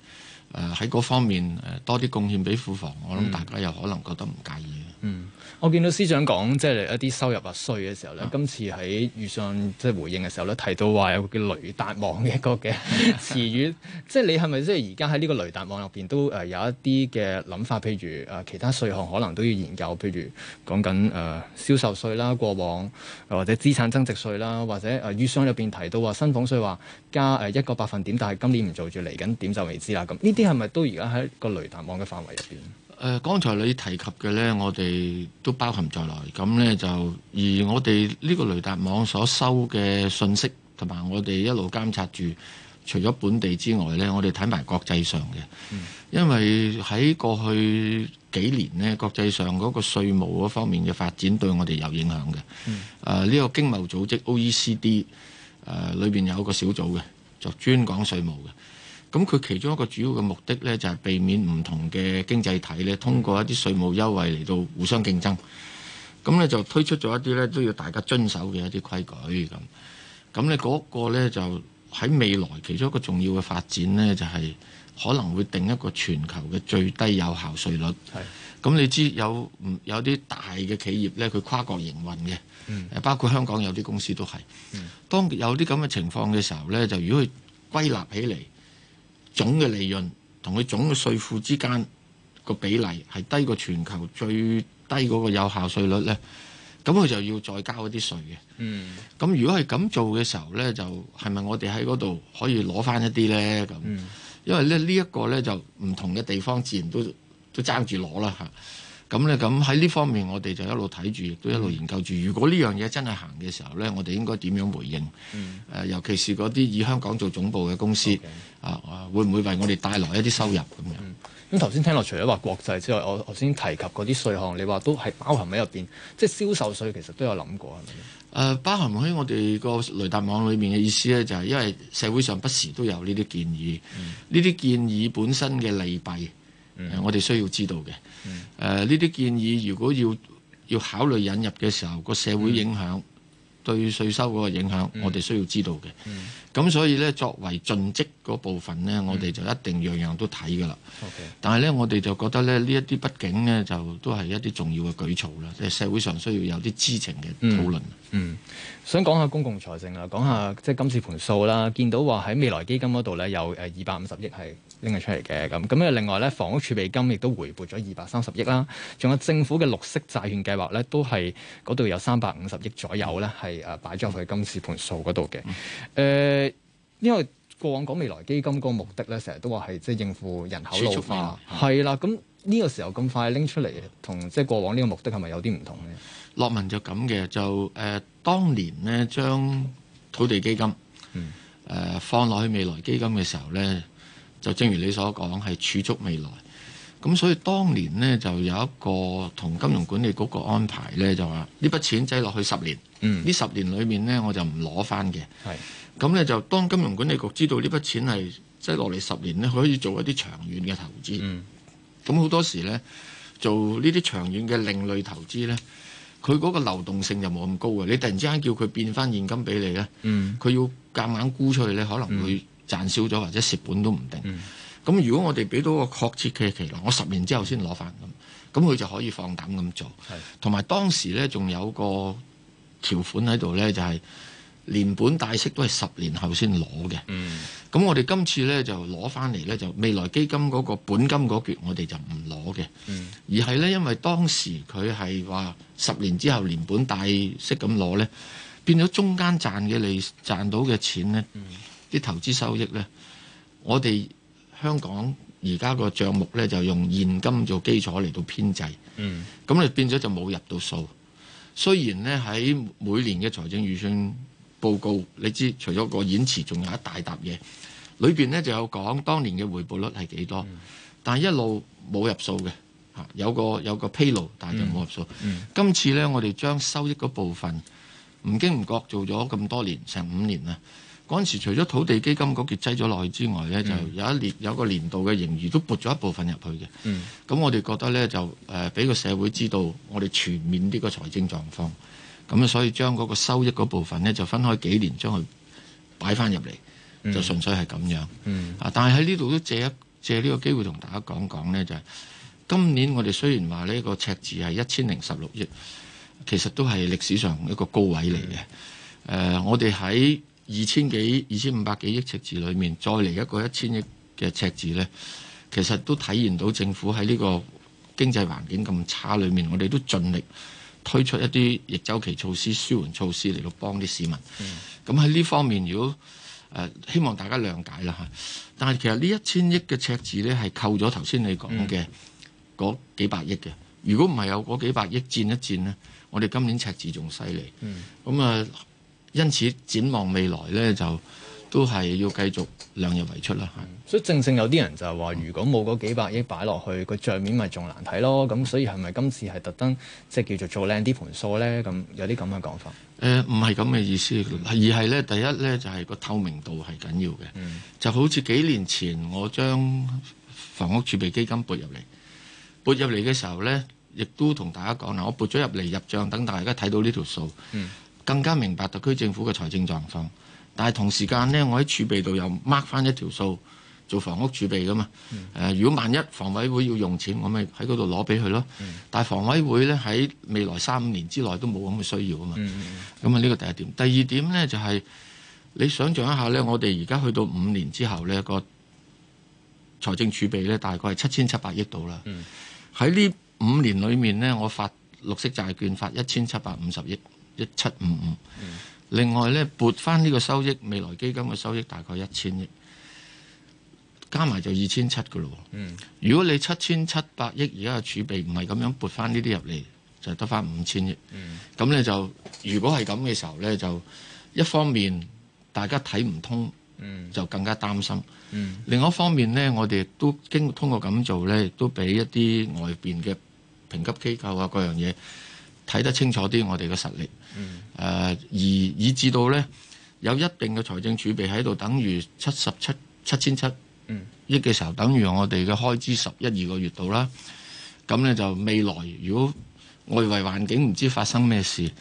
誒喺嗰方面誒、呃、多啲貢獻俾庫房，我諗大家有可能覺得唔介意嘅。嗯嗯。我見到司長講即係一啲收入啊稅嘅時候咧，啊、今次喺預算即係回應嘅時候咧，提到話有個叫「雷達網」嘅一個嘅 詞語， 即係你係咪即係而家喺呢個雷達網入邊都誒有一啲嘅諗法，譬如誒其他稅項可能都要研究，譬如講緊誒銷售稅啦、過往或者資產增值稅啦，或者誒預算入邊提到話薪俸稅話加誒一個百分點，但係今年唔做住，嚟緊，點就未知啦。咁呢啲係咪都而家喺個雷達網嘅範圍入邊？誒、呃，剛才你提及嘅呢，我哋都包含在內。咁呢，就，而我哋呢個雷達網所收嘅信息，同埋我哋一路監察住，除咗本地之外呢，我哋睇埋國際上嘅。因為喺過去幾年呢，國際上嗰個稅務嗰方面嘅發展對我哋有影響嘅。誒、呃，呢、這個經貿組織 OECD 誒、呃、裏邊有一個小組嘅，就專講稅務嘅。咁佢其中一個主要嘅目的呢，就係、是、避免唔同嘅經濟體呢，通過一啲稅務優惠嚟到互相競爭。咁呢就推出咗一啲呢，都要大家遵守嘅一啲規矩咁。咁呢嗰個呢就喺未來其中一個重要嘅發展呢，就係、是、可能會定一個全球嘅最低有效稅率。咁是你知有有啲大嘅企業呢，佢跨國營運嘅，嗯、包括香港有啲公司都係。當有啲咁嘅情況嘅時候呢，就如果佢歸納起嚟。總嘅利潤同佢總嘅稅負之間個比例係低過全球最低嗰個有效稅率呢。咁佢就要再交一啲稅嘅。嗯，咁如果係咁做嘅時候呢，就係咪我哋喺嗰度可以攞翻一啲呢？咁，因為咧呢一個呢，就唔同嘅地方自然都都爭住攞啦嚇。咁咧，咁喺呢方面，我哋就一路睇住，亦都一路研究住。如果呢樣嘢真係行嘅時候咧，我哋應該點樣回應？誒， 尤其是嗰啲以香港做總部嘅公司 Okay. 啊，會唔會為我哋帶來一啲收入咁樣？咁頭先聽落，除咗話國際之外，我頭先提及嗰啲稅項，你話都係包含喺入邊，即係銷售稅，其實都有諗過，係咪？誒、呃，包含喺我哋個雷達網裏面嘅意思咧，就係因為社會上不時都有呢啲建議，呢啲、嗯、建議本身嘅利弊。Mm hmm. 我哋需要知道嘅，誒呢啲建議，如果要要考慮引入嘅時候，個社會影響、mm hmm. 對稅收嗰個影響，mm hmm. 我哋需要知道嘅。咁、mm hmm. 所以呢，作為盡職嗰部分各樣各樣 Okay. 呢，我哋就一定樣樣都睇㗎啦。但係呢，我哋就覺得呢，呢一啲畢竟呢，就都係一啲重要嘅舉措啦，即係社會上需要有啲知情嘅討論。嗯，想講下公共財政啦，講下即係今次盤數啦，見到話喺未來基金嗰度呢，有誒二百五十億係，拎咗出嚟嘅咁咁咧，另外咧，房屋儲備金亦都回撥咗二百三十億啦，仲有政府嘅綠色債券計劃咧，都係嗰度有三百五十億左右咧，係誒擺咗去金市盤數嗰度嘅。誒、呃，因為過往講未來基金嗰個目的咧，成日都話係即係應付人口老化，係啦。咁呢個時候咁快拎出嚟，同即係過往呢個目的係咪有啲唔同呢？樂文就咁嘅，就誒、呃、當年呢，將土地基金誒、呃、放落去未來基金嘅時候咧。就正如你所講，係儲足未來。咁所以當年呢，就有一個同金融管理局個安排呢，就話呢筆錢擠落去十年。嗯，呢十年裏面呢，我就唔攞翻嘅。係是。咁咧就當金融管理局知道呢筆錢係擠落嚟十年呢，佢可以做一啲長遠嘅投資。嗯。咁好多時呢，做呢啲長遠嘅另類投資呢，佢嗰個流動性就冇咁高嘅。你突然之間叫佢變翻現金俾你咧，佢、嗯、要夾硬沽出去，咧，可能會、嗯。賺少咗或者蝕本都唔定。咁、嗯、如果我哋俾到個確切嘅期內，我十年之後先攞翻咁，咁佢就可以放膽咁做。同埋的當時呢，仲有個條款喺度呢，就係、是、連本帶息都係十年後先攞嘅。咁、嗯、我哋今次呢，就攞翻嚟呢，就未來基金嗰個本金嗰橛，我哋就唔攞嘅。嗯、而係呢，因為當時佢係話十年之後連本帶息咁攞呢，變咗中間賺嘅利賺到嘅錢呢。嗯啲投資收益呢，我哋香港而家個帳目呢，就用現金做基礎嚟到編制，咁你、嗯、變咗就冇入到數。雖然呢，喺每年嘅財政預算報告，你知除咗個演辭，仲有一大沓嘢，裏邊呢，就有講當年嘅回報率係幾多，嗯、但係一路冇入數嘅，有個有個披露，但係就冇入數。嗯嗯、今次呢，我哋將收益嗰部分，唔經唔覺做咗咁多年，成五年啦。嗰陣時，除咗土地基金嗰結擠咗落去之外呢、嗯、就有一年有一個年度嘅盈餘都撥咗一部分入去嘅。咁、嗯、我哋覺得呢，就誒俾個社會知道我哋全面呢個財政狀況。咁所以將嗰個收益嗰部分呢，就分開幾年將佢擺翻入嚟，嗯、就純粹係咁樣。嗯、啊，但係喺呢度都借一借呢個機會同大家講講呢，就係、是、今年我哋雖然話呢個赤字係一千零十六億，其實都係歷史上一個高位嚟嘅。誒、嗯嗯呃，我哋喺二千幾、二千五百幾億赤字裏面，再嚟一個一千億嘅赤字呢，其實都體現到政府喺呢個經濟環境咁差裏面，我哋都盡力推出一啲逆周期措施、舒緩措施嚟到幫啲市民。咁喺呢方面，如果誒、呃、希望大家諒解啦嚇。但係其實呢一千億嘅赤字呢，係扣咗頭先你講嘅嗰幾百億嘅。嗯、如果唔係有嗰幾百億戰一戰呢，我哋今年赤字仲犀利。咁啊、嗯、～、嗯嗯因此展望未來呢，就都係要繼續量入為出啦、嗯。所以正正有啲人就係話，如果冇嗰幾百億擺落去，嗯、個帳面咪仲難睇咯。咁所以係咪今次係特登即係叫做做靚啲盤數呢？咁有啲咁嘅講法。誒唔係咁嘅意思，嗯、而係呢，第一呢，就係、是、個透明度係緊要嘅。嗯、就好似幾年前我將房屋儲備基金撥入嚟，撥入嚟嘅時候呢，亦都同大家講嗱，我撥咗入嚟入帳，等大家睇到呢條數。更加明白特區政府嘅財政狀況，但係同時間呢，我喺儲備度又掹翻一條數做房屋儲備噶嘛。誒、嗯，如果、呃、萬一房委會要用錢，我咪喺嗰度攞俾佢咯。嗯、但係房委會呢，喺未來三五年之內都冇咁嘅需要啊嘛。咁啊、嗯，呢、嗯、個第一點。第二點呢，就係、是、你想象一下呢，我哋而家去到五年之後呢，個財政儲備呢，大概係七千七百億度啦。喺呢五年裏面呢，我發綠色債券發一千七百五十億。一七五五，嗯、另外呢，撥翻呢個收益，未來基金嘅收益大概一千億，加埋就二千七嘅咯喎。嗯、如果你七千七百億而家嘅儲備唔係咁樣撥翻呢啲入嚟，就得翻五千億。咁咧、嗯、就如果係咁嘅時候呢，就一方面大家睇唔通，嗯、就更加擔心。嗯、另一方面呢，我哋都經通過咁做呢，都俾一啲外邊嘅評級機構啊各，嗰樣嘢。睇得清楚啲，我哋嘅實力，誒、mm hmm. 呃、而以至到呢，有一定嘅財政儲備喺度，等於七十七七千七億嘅時候，等於我哋嘅開支十一二個月度啦。咁咧就未來，如果外圍環境唔知發生咩事，誒、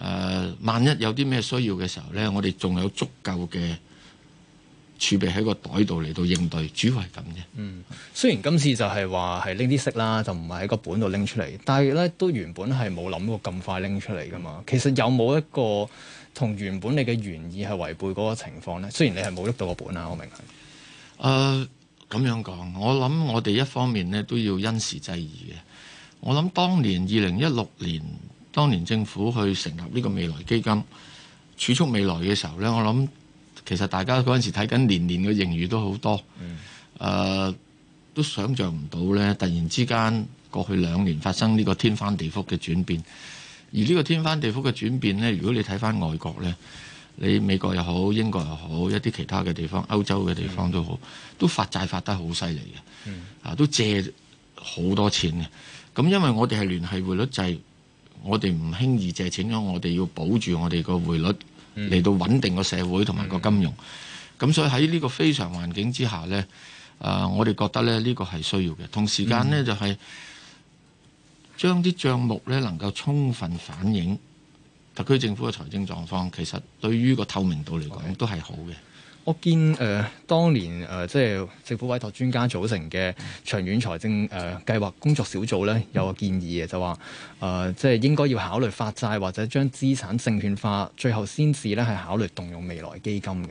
呃、萬一有啲咩需要嘅時候呢，我哋仲有足夠嘅。儲備喺個袋度嚟到應對，主要係咁嘅。嗯，雖然今次就係話係拎啲息啦，就唔係喺個本度拎出嚟，但係咧都原本係冇諗過咁快拎出嚟噶嘛。其實有冇一個同原本你嘅原意係違背嗰個情況咧？雖然你係冇喐到個本啊，我明係。誒、呃，咁樣講，我諗我哋一方面咧都要因時制宜嘅。我諗當年二零一六年，當年政府去成立呢個未來基金儲蓄未來嘅時候咧，我諗。其實大家嗰陣時睇緊年年嘅盈餘都好多，誒、mm. 呃、都想像唔到咧，突然之間過去兩年發生呢個天翻地覆嘅轉變。而呢個天翻地覆嘅轉變咧，如果你睇翻外國咧，你美國又好，英國又好，一啲其他嘅地方、歐洲嘅地方都好，都發債發得好犀利嘅，啊都借好多錢嘅。咁因為我哋係聯繫匯率制，就係、我哋唔輕易借錢，因為我哋要保住我哋個匯率。嚟到穩定個社會同埋個金融，咁、mm hmm. 所以喺呢個非常環境之下呢，誒、呃，我哋覺得咧呢、呢個係需要嘅。同時間呢，mm hmm. 就係將啲帳目呢能夠充分反映特區政府嘅財政狀況，其實對於個透明度嚟講、mm hmm. 都係好嘅。我見誒、呃，當年誒，即、呃、係政府委託專家組成嘅長遠財政誒計劃工作小組咧，有個建議嘅，就話誒、呃，即係應該要考慮發債或者將資產證券化，最後先至咧係考慮動用未來基金嘅。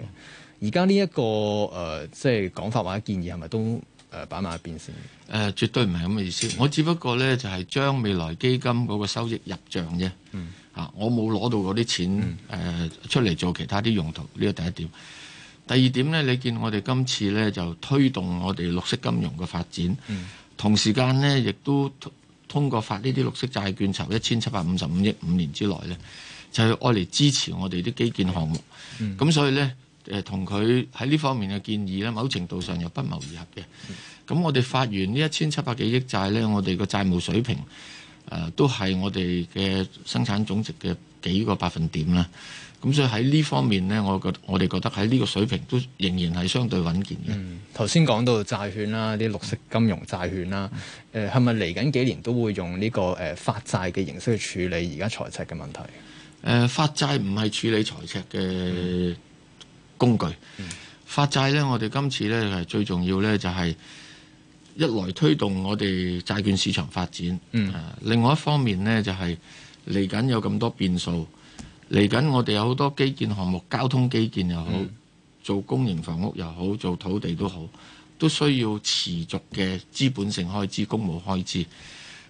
而家呢一個誒、呃，即係講法或者建議係咪都誒，擺埋一邊先？誒，絕對唔係咁嘅意思。我只不過咧就係、是、將未來基金嗰個收益入賬啫。嗯。啊，我冇攞到嗰啲錢誒出嚟做其他啲用途，呢個第一點。第二點呢，你見我哋今次呢，就推動我哋綠色金融嘅發展，嗯、同時間呢，亦都通過發呢啲綠色債券籌一千七百五十五億，五年之內呢，就係愛嚟支持我哋啲基建項目。咁、嗯、所以呢，誒同佢喺呢方面嘅建議呢，某程度上又不謀而合嘅。咁我哋發完呢一千七百幾億債呢，我哋個債務水平、呃、都係我哋嘅生產總值嘅幾個百分點啦。咁所以喺呢方面呢，嗯、我覺我哋覺得喺呢個水平都仍然係相對穩健嘅。頭先講到債券啦，啲綠色金融債券啦，誒，係咪嚟緊幾年都會用呢、呢個誒、呃、發債嘅形式去處理而家財赤嘅問題？誒、呃，發債唔係處理財赤嘅工具。嗯、發債咧，我哋今次咧係最重要咧，就係一來推動我哋債券市場發展。嗯、啊。另外一方面咧，就係嚟緊有咁多變數。嚟緊，我哋有好多基建項目，交通基建又好，做公營房屋又好，做土地都好，都需要持續嘅資本性開支、公務開支。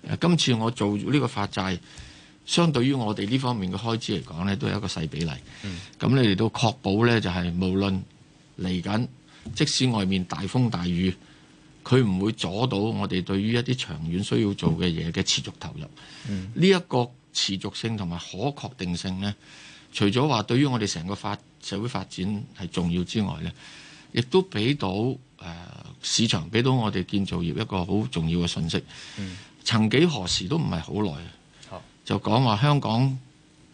啊，今次我做呢個發債，相對於我哋呢方面嘅開支嚟講，呢都有一個細比例。咁、嗯、你哋都確保呢，就係、是、無論嚟緊，即使外面大風大雨，佢唔會阻到我哋對於一啲長遠需要做嘅嘢嘅持續投入。呢一、嗯呢個。持續性同埋可確定性呢，除咗話對於我哋成個發社會發展係重要之外呢，亦都俾到誒、呃、市場俾到我哋建造業一個好重要嘅信息。嗯、曾幾何時都唔係好耐，就講話香港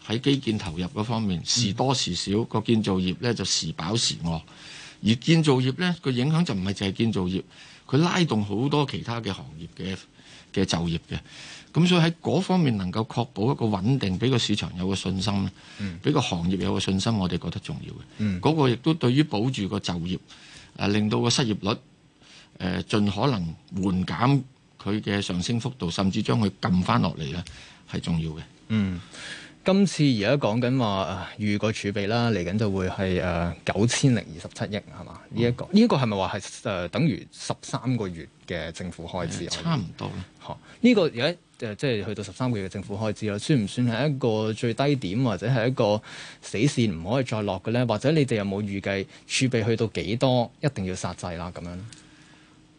喺基建投入嗰方面時多時少，個、嗯、建造業呢就時飽時餓，而建造業呢個影響就唔係淨係建造業，佢拉動好多其他嘅行業嘅嘅就業嘅。咁所以喺嗰方面能夠確保一個穩定，俾個市場有個信心咧，俾個、嗯、行業有個信心，我哋覺得重要嘅。嗰、嗯、個亦都對於保住個就業誒令到個失業率誒盡、呃、可能緩減佢嘅上升幅度，甚至將佢撳翻落嚟咧，係重要嘅。嗯，今次而家講緊話誒預個儲備啦，嚟緊就會係誒九千零二十七億，係嘛？呢一、嗯這個呢一、這個係咪話，係、呃、誒等於十三個月嘅政府開支？嗯、差唔多。嚇，呢、這個而家。即係去到十三個月嘅政府開支啦，算唔算係一個最低點，或者係一個死線，唔可以再落嘅咧？或者你哋有冇預計儲備去到幾多，一定要殺制啦？咁樣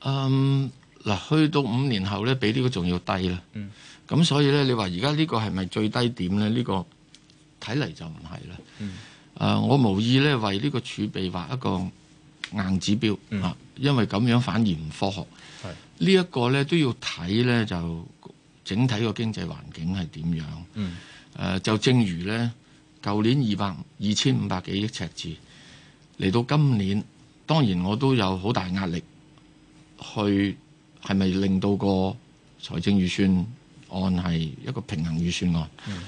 嗯嗱，去到五年後咧，比呢個仲要低啦。嗯，咁所以咧，你話而家呢個係咪最低點咧？呢個睇嚟就唔係啦。嗯、呃，我無意咧為呢個儲備畫一個硬指標啊，嗯、因為咁樣反而唔科學。係，呢一個咧都要睇咧就。整體個經濟環境係點樣？誒、嗯呃，就正如呢，舊年二百二千五百幾億赤字，嚟到今年，當然我都有好大壓力，去係咪令到個財政預算案係一個平衡預算案？嗯、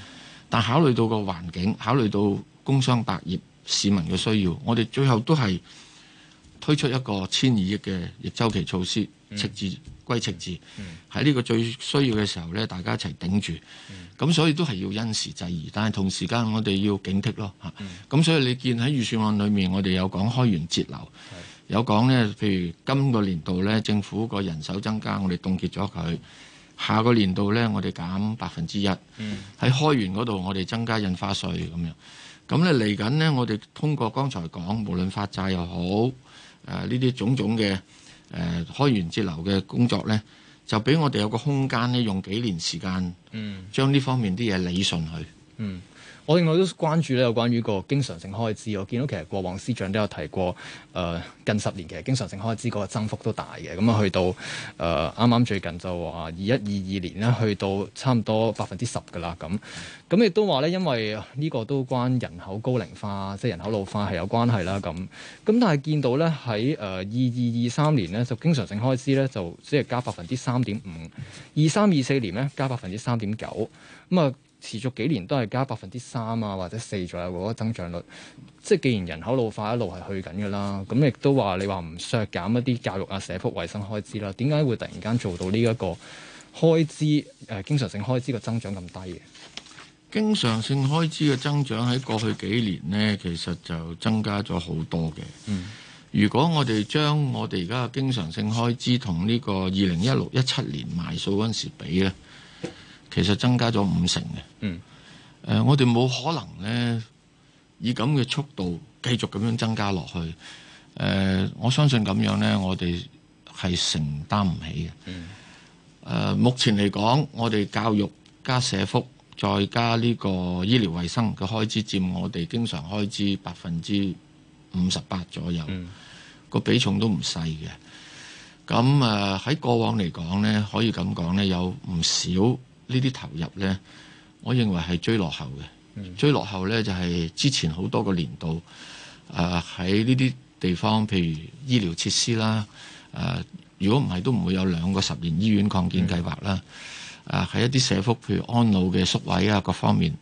但考慮到個環境，考慮到工商、百業、市民嘅需要，我哋最後都係推出一個千二億嘅逆周期措施，赤字、嗯。歸赤字，喺呢、嗯、個最需要嘅時候呢，大家一齊頂住，咁、嗯、所以都係要因時制宜。但係同時間，我哋要警惕咯。吓、嗯，咁所以你見喺預算案裏面，我哋有講開源節流，是有講呢。譬如今個年度呢，政府個人手增加，我哋凍結咗佢；下個年度呢，我哋減百分之一。喺、嗯、開源嗰度，我哋增加印花稅咁樣。咁咧嚟緊呢，我哋通過剛才講，無論發債又好，誒呢啲種種嘅。誒、呃、開源節流嘅工作呢，就俾我哋有個空間呢，用幾年時間，嗯，將呢方面啲嘢理順佢，嗯。我另外都關注咧，有關於個經常性開支。我見到其實過往司長都有提過，誒、呃、近十年其實經常性開支個增幅都大嘅。咁、嗯、啊，去到誒啱啱最近就話二一二二年呢，去到差唔多百分之十㗎喇。咁咁亦都話咧，因為呢個都關人口高齡化、即、就、係、是、人口老化係有關係啦。咁咁但係見到咧，喺誒二二二三年呢，就經常性開支咧就即係、就是、加百分之三點五，二三二四年呢，加百分之三點九。咁、嗯、啊～、嗯嗯持續幾年都係加百分之三啊，或者四左右嗰個增長率。即係既然人口老化一路係去緊嘅啦，咁亦都話你話唔削減一啲教育啊、社福、衞生開支啦，點解會突然間做到呢一個開支誒經常性開支嘅增長咁低嘅？經常性開支嘅增長喺過去幾年呢，其實就增加咗好多嘅。嗯，如果我哋將我哋而家嘅經常性開支同呢個二零一六一七年埋數嗰陣時比咧。其實增加咗五成嘅，誒、嗯呃，我哋冇可能咧以咁嘅速度繼續咁樣增加落去，誒、呃，我相信咁樣咧，我哋係承擔唔起嘅。誒、嗯呃，目前嚟講，我哋教育加社福再加呢個醫療衞生嘅開支，佔我哋經常開支百分之五十八左右，嗯、個比重都唔細嘅。咁誒喺過往嚟講咧，可以咁講咧，有唔少。呢啲投入呢，我認為係追落後嘅。追、嗯、落後呢，就係、是、之前好多個年度，誒喺呢啲地方，譬如醫療設施啦，誒、呃、如果唔係都唔會有兩個十年醫院擴建計劃啦。喺、嗯啊、一啲社福，譬如安老嘅宿位啊，各方面，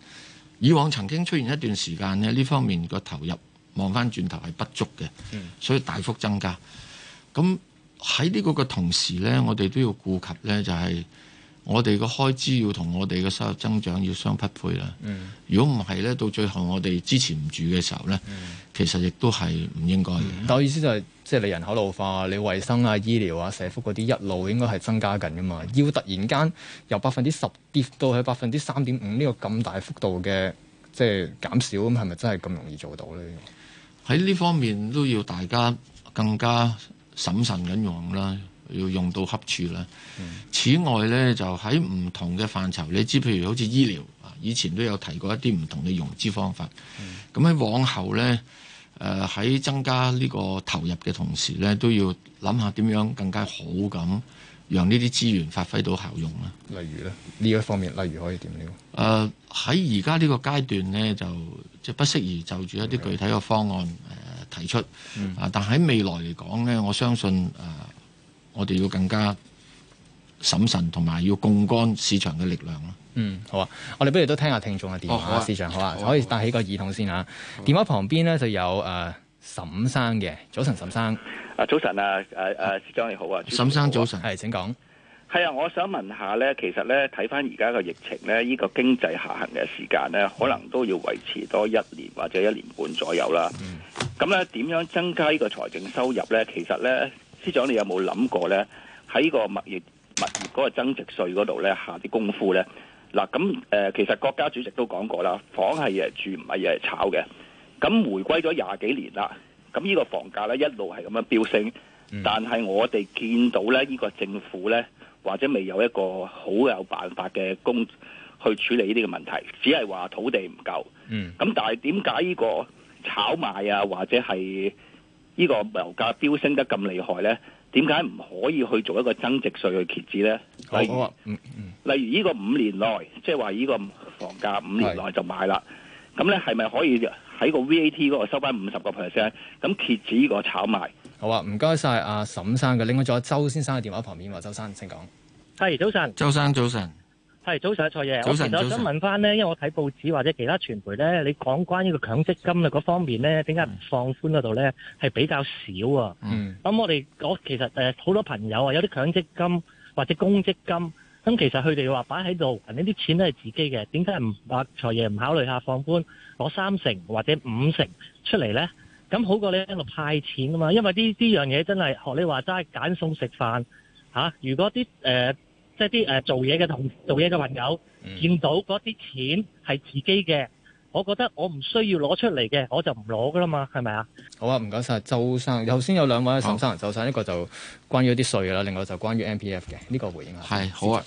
以往曾經出現一段時間呢，呢方面個投入望返轉頭係不足嘅，嗯、所以大幅增加。咁喺呢個嘅同時呢，嗯、我哋都要顧及呢，就係、是。我哋個開支要同我哋嘅收入增長要相匹配啦。如果唔係咧，到最後我哋支持唔住嘅時候咧，嗯、其實亦都係唔應該嘅、嗯。但我意思就係、是，即係你人口老化、你衞生啊、醫療啊、社福嗰啲一路應該係增加緊㗎嘛。嗯、要突然間由百分之十跌到係百分之三點五呢個咁大幅度嘅即係減少，咁係咪真係咁容易做到咧？喺呢方面都要大家更加審慎咁用啦。要用到恰處啦。嗯、此外呢，就喺唔同嘅範疇，你知譬如好似醫療，以前都有提過一啲唔同嘅融資方法。咁喺、嗯、往後呢，誒、呃、喺增加呢個投入嘅同時呢，都要諗下點樣更加好咁，讓呢啲資源發揮到效用啦。例如呢，呢、這、一、個、方面，例如可以點呢？誒喺而家呢個階段呢，就即不適宜就住一啲具體嘅方案的、呃、提出。啊、嗯，但喺未來嚟講呢，我相信誒。呃呃我哋要更加審慎，同埋要槓桿市場嘅力量咯。嗯，好啊，我哋不如都聽下聽，聽眾嘅電話、啊、市場，好啊，好啊可以帶起個耳筒先嚇、啊。啊、電話旁邊呢就有誒、呃、沈生嘅，早晨沈生。啊，早晨啊，誒、啊、誒，司長你好啊。好沈生早晨，係請講。係啊，我想問下咧，其實咧睇翻而家個疫情咧，呢、呢個經濟下行嘅時間咧，可能都要維持多一年或者一年半左右啦。咁咧點樣增加呢個財政收入咧？其實咧。司長，你有冇諗過呢？喺個物業物業嗰個增值稅嗰度呢，下啲功夫呢？嗱，咁、呃、誒，其實國家主席都講過啦，房係誒住，唔係日炒嘅。咁回歸咗廿幾年啦，咁呢個房價呢，一路係咁樣飆升，嗯、但係我哋見到呢，呢、這個政府呢，或者未有一個好有辦法嘅工去處理呢啲嘅問題，只係話土地唔夠。咁、嗯、但係點解呢個炒賣啊，或者係？呢個樓價飆升得咁厲害咧，點解唔可以去做一個增值稅嘅遏止咧？例如呢、啊嗯嗯、個五年內，即係話呢個房價五年內就買啦，咁咧係咪可以喺個 VAT 嗰個收翻五十個 percent？咁遏止呢個炒賣。好啊，唔該晒。阿沈生嘅，另外仲有周先生嘅電話旁邊喎。周生，請講。係，早晨。周生早晨。係，早晨啊，財爺。上我其實我想問翻咧，上因為我睇報紙或者其他傳媒咧，你講關於個強積金啊嗰方面咧，點解唔放寬嗰度咧，係、嗯、比較少啊？咁我哋我其實誒好、呃、多朋友啊，有啲強積金或者公積金，咁、嗯、其實佢哋話擺喺度，嗱，呢啲錢都係自己嘅，點解唔啊，財爺唔考慮下放寬攞三成或者五成出嚟咧？咁好過你喺度派錢啊嘛，因為呢呢樣嘢真係學你話齋揀餸食飯嚇。如果啲誒。呃即係啲誒做嘢嘅同做嘢嘅朋友，嗯、見到嗰啲錢係自己嘅，我覺得我唔需要攞出嚟嘅，我就唔攞噶啦嘛，係咪啊？好啊，唔該晒。周生。頭先有兩位沈、哦、生周生，一個就關於啲稅啦，另外就關於 M P F 嘅呢、呢個回應啊。係、嗯、好啊，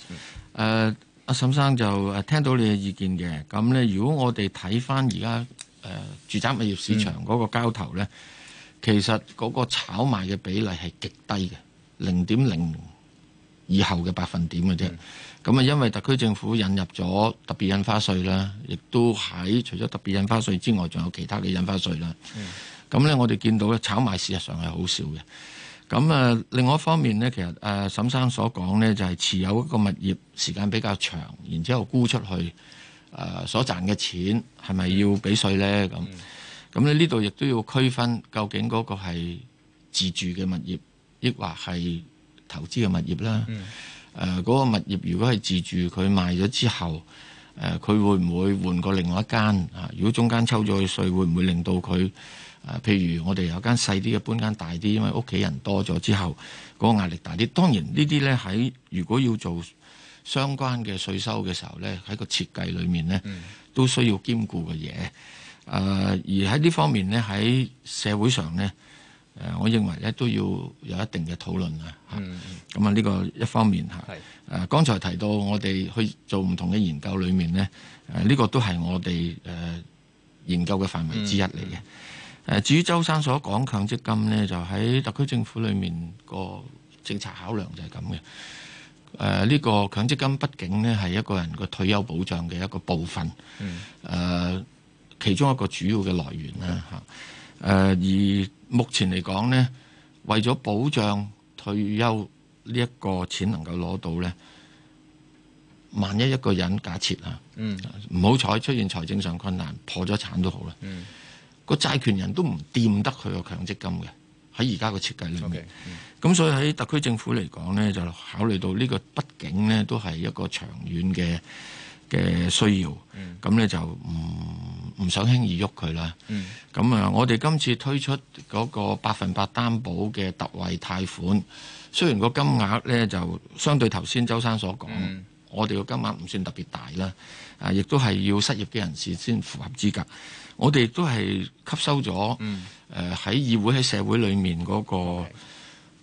誒阿沈生就聽到你嘅意見嘅，咁咧如果我哋睇翻而家誒住宅物業市場嗰個交投咧，嗯、其實嗰個炒賣嘅比例係極低嘅，零點零。以後嘅百分點嘅啫，咁啊、嗯，因為特區政府引入咗特別印花稅啦，亦都喺除咗特別印花稅之外，仲有其他嘅印花稅啦。咁咧、嗯，我哋見到咧炒賣事實上係好少嘅。咁啊，另外一方面咧，其實誒、呃、沈生所講咧，就係持有一個物業時間比較長，然之後沽出去，誒、呃、所賺嘅錢係咪要俾稅咧？咁咁咧呢度亦都要區分究竟嗰個係自住嘅物業，抑或係。投資嘅物業啦，誒嗰、嗯呃那個物業如果係自住，佢賣咗之後，誒、呃、佢會唔會換過另外一間啊、呃？如果中間抽咗嘅稅，會唔會令到佢誒、呃？譬如我哋有間細啲嘅搬間大啲，因為屋企人多咗之後，嗰、那個壓力大啲。當然呢啲呢，喺如果要做相關嘅稅收嘅時候呢，喺個設計裡面呢，嗯、都需要兼顧嘅嘢。誒、呃、而喺呢方面呢，喺社會上呢。誒，我認為咧都要有一定嘅討論、嗯、啊！咁啊，呢個一方面嚇。誒是，剛、啊、才提到我哋去做唔同嘅研究裏面咧，誒、啊、呢、這個都係我哋誒、呃、研究嘅範圍之一嚟嘅。誒、嗯嗯啊，至於周生所講強積金咧，就喺特區政府裏面個政策考量就係咁嘅。誒、啊，呢、這個強積金畢竟咧係一個人個退休保障嘅一個部分，誒、嗯啊、其中一個主要嘅來源啦嚇。嗯嗯嗯誒，而目前嚟講呢，為咗保障退休呢一個錢能夠攞到呢，萬一一個人假設啊，唔好彩出現財政上困難破咗產都好啦，個、嗯、債權人都唔掂得佢個強積金嘅，喺而家個設計裏面，咁、okay, 嗯、所以喺特區政府嚟講呢，就考慮到呢個畢竟呢都係一個長遠嘅。嘅需要，咁咧、嗯、就唔唔想輕易喐佢啦。咁啊、嗯，我哋今次推出嗰個百分百擔保嘅特惠貸款，雖然個金額咧就相對頭先周生所講，嗯、我哋個金額唔算特別大啦。啊，亦都係要失業嘅人士先符合資格。我哋都係吸收咗誒喺議會喺社會裏面嗰、嗰個。嗯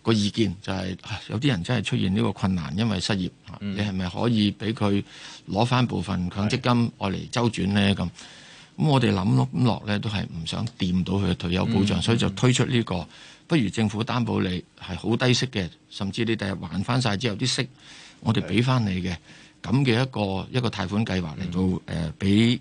個意見就係、是、有啲人真係出現呢個困難，因為失業，嗯、你係咪可以俾佢攞翻部分強積金愛嚟周轉呢？咁咁我哋諗落咧都係唔想掂到佢退休保障，嗯嗯、所以就推出呢、呢個、嗯嗯、不如政府擔保你係好低息嘅，甚至你第日還翻晒之後啲息我，我哋俾翻你嘅咁嘅一個一個貸款計劃嚟到，誒、嗯，俾誒、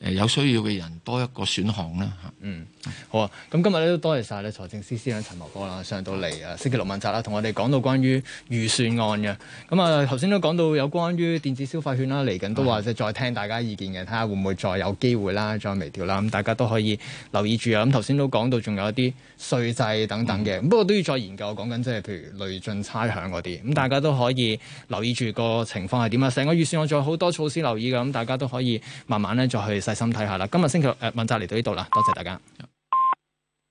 呃呃、有需要嘅人多一個選項啦嚇。啊、嗯。嗯、好啊，咁今日咧都多謝晒咧財政司司長陳茂波啦，上到嚟啊星期六問責啦，同我哋講到關於預算案嘅，咁啊頭先都講到有關於電子消費券啦，嚟緊都話即、嗯、再聽大家意見嘅，睇下會唔會再有機會啦，再微調啦，咁大家都可以留意住啊，咁頭先都講到仲有一啲稅制等等嘅，嗯、不過都要再研究，講緊即係譬如累進差餉嗰啲，咁大家都可以留意住個情況係點啊，成個預算案仲有好多措施留意㗎，咁大家都可以慢慢咧再去細心睇下啦。今日星期六誒問責嚟到呢度啦，多謝大家。嗯